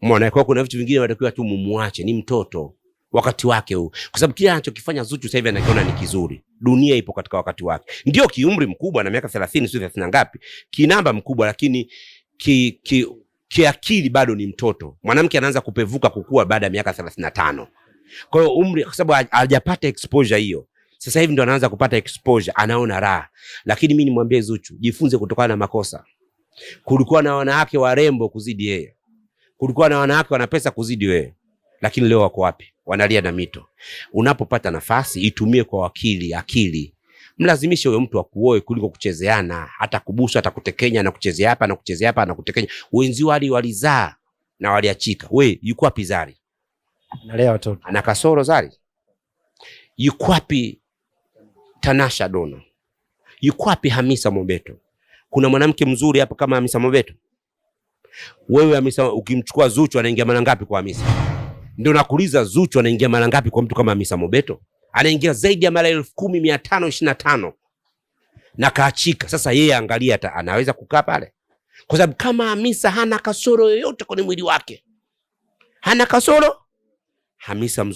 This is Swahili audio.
mwanae kwao kuna vitu vingine wanatakiwa tu mumwache, ni mtoto wakati wake huu, kwa sababu kile anachokifanya Zuchu sasa hivi anakiona ni kizuri. Dunia ipo katika wakati wake, ndio kiumri mkubwa na miaka thelathini, sio thelathini ngapi, kinamba mkubwa, lakini ki, ki, kiakili bado ni mtoto. Mwanamke anaanza kupevuka kukua baada ya miaka thelathini na tano. Kwa hiyo umri, kwa sababu hajapata exposure hiyo sasa hivi ndo anaanza kupata exposure, anaona raha. Lakini mi nimwambie Zuchu, jifunze kutokana na makosa. Kulikuwa na wanawake warembo kuzidi yeye, kulikuwa na wanawake wana pesa kuzidi wewe, lakini leo wako wapi? Wanalia na mito. Unapopata nafasi itumie kwa wakili akili, mlazimishe huyo mtu akuoe kuliko kuchezeana, hata kubusu, hata kutekenya na kuchezea hapa na kuchezea hapa na kutekenya. Wenzi wali walizaa na waliachika, we yuko wapi Zari? Analea watoto, ana kasoro Zari. Yuko wapi Tanasha Dona? Yuko wapi Hamisa Mobeto? Kuna mwanamke mzuri hapa kama Hamisa Mobeto? Wewe Hamisa ukimchukua Zuchu anaingia mara ngapi kwa Hamisa? Ndio nakuuliza, Zuchu anaingia mara ngapi kwa mtu kama Hamisa Mobeto? Anaingia zaidi ya mara elfu kumi mia tano ishirini na tano na kaachika. Sasa yeye angalia, anaweza kukaa pale? Kwa sababu kama Hamisa hana kasoro yoyote kwenye mwili wake, hana kasoro Hamisa